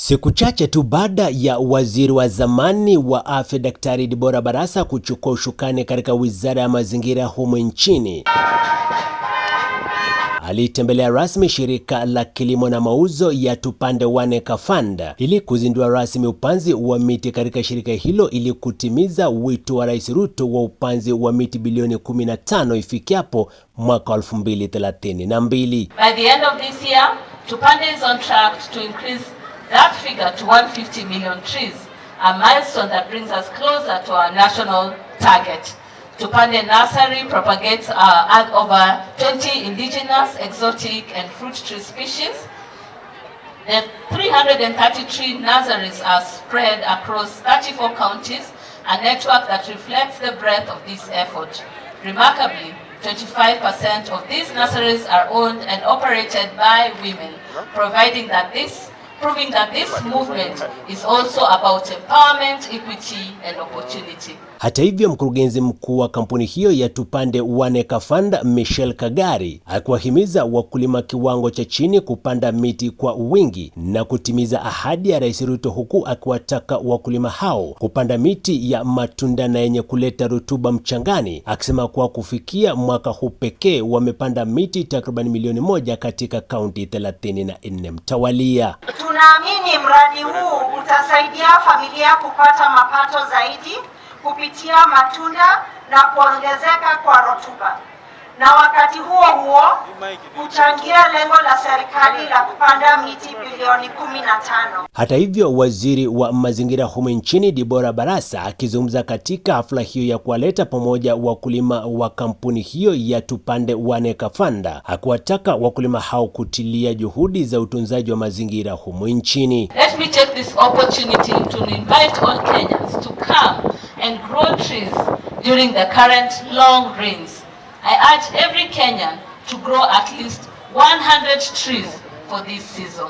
Siku chache tu baada ya waziri wa zamani wa afya Daktari Dibora Barasa kuchukua ushukani katika wizara ya mazingira humu nchini, alitembelea rasmi shirika la kilimo na mauzo ya Tupande Wane Kafanda ili kuzindua rasmi upanzi wa miti katika shirika hilo ili kutimiza wito wa Rais Ruto wa upanzi wa miti bilioni 15 ifikiapo mwaka 2032. By the end of this year, Tupande is on track to increase That figure to 150 million trees, a milestone that brings us closer to our national target. Tupande Nursery propagates uh, over 20 indigenous, exotic, and fruit tree species. The 333 nurseries are spread across 34 counties, a network that reflects the breadth of this effort. Remarkably, 25% of these nurseries are owned and operated by women, providing that this proving that this movement is also about empowerment, equity and opportunity. Hata hivyo, mkurugenzi mkuu wa kampuni hiyo ya Tupande One Acre Fund, Michelle Kagari, akiwahimiza wakulima kiwango cha chini kupanda miti kwa wingi na kutimiza ahadi ya Rais Ruto, huku akiwataka wakulima hao kupanda miti ya matunda na yenye kuleta rutuba mchangani, akisema kuwa kufikia mwaka huu pekee wamepanda miti takriban milioni moja katika kaunti 34 mtawalia. Tunaamini mradi huu utasaidia familia kupata mapato zaidi kupitia matunda na kuongezeka kwa rutuba na wakati huo huo kuchangia lengo la serikali la kupanda miti bilioni tano. Hata hivyo, waziri wa mazingira humu nchini Dibora Barasa akizungumza katika hafla hiyo ya kuwaleta pamoja wakulima wa kampuni hiyo ya Tupande Waneka kafanda hakuwataka wakulima hao kutilia juhudi za utunzaji wa mazingira humu nchini. Let me take this opportunity to invite all Kenyans to come and grow trees during the current long rains. I urge every Kenyan to grow at least 100 trees for this season.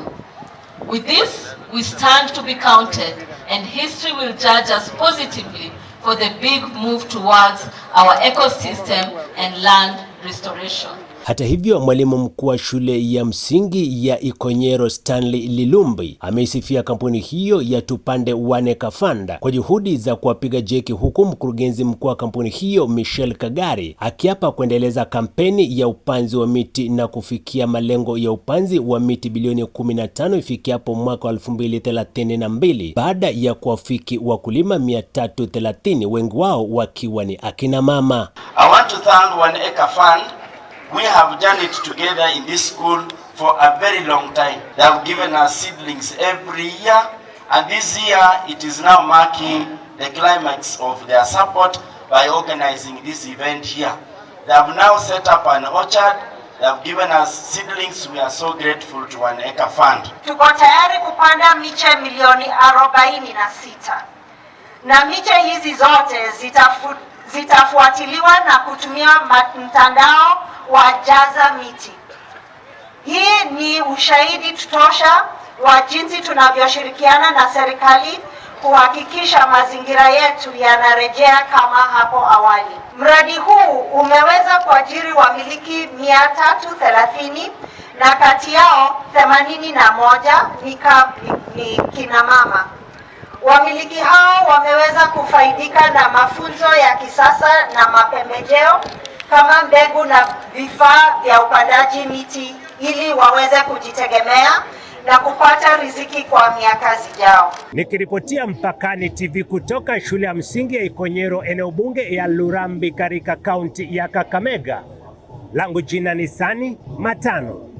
With this, we stand to be counted, and history will judge us positively for the big move towards our ecosystem and land restoration. Hata hivyo, mwalimu mkuu wa shule ya msingi ya Ikonyero Stanley Lilumbi ameisifia kampuni hiyo ya Tupande Wane Kafanda kwa juhudi za kuwapiga jeki, huku mkurugenzi mkuu wa kampuni hiyo Michelle Kagari akiapa kuendeleza kampeni ya upanzi wa miti na kufikia malengo ya upanzi wa miti bilioni 15 ifikiapo mwaka 2032 baada ya kuwafiki wakulima 330 wengi wao wakiwa ni akina mama. I want to thank Wane Kafanda understand, we have done it together in this school for a very long time. They have given us seedlings every year, and this year it is now marking the climax of their support by organizing this event here. They have now set up an orchard. They have given us seedlings. We are so grateful to One Acre Fund. Tuko tayari kupanda miche milioni 46 na miche hizi zote zitafu zitafuatiliwa na kutumia mtandao wa Jaza Miti. Hii ni ushahidi tutosha wa jinsi tunavyoshirikiana na serikali kuhakikisha mazingira yetu yanarejea kama hapo awali. Mradi huu umeweza kuajiri wamiliki 330 na kati yao 81 na moja ni, ni kina mama. Wamiliki hao wameweza kufaidika na mafunzo ya kisasa na mapembejeo kama mbegu na vifaa vya upandaji miti ili waweze kujitegemea na kupata riziki kwa miaka zijao. Nikiripotia Mpakani TV kutoka shule ya msingi ya Ikonyero, eneo bunge ya Lurambi, katika kaunti ya Kakamega, langu jina ni Sani Matano.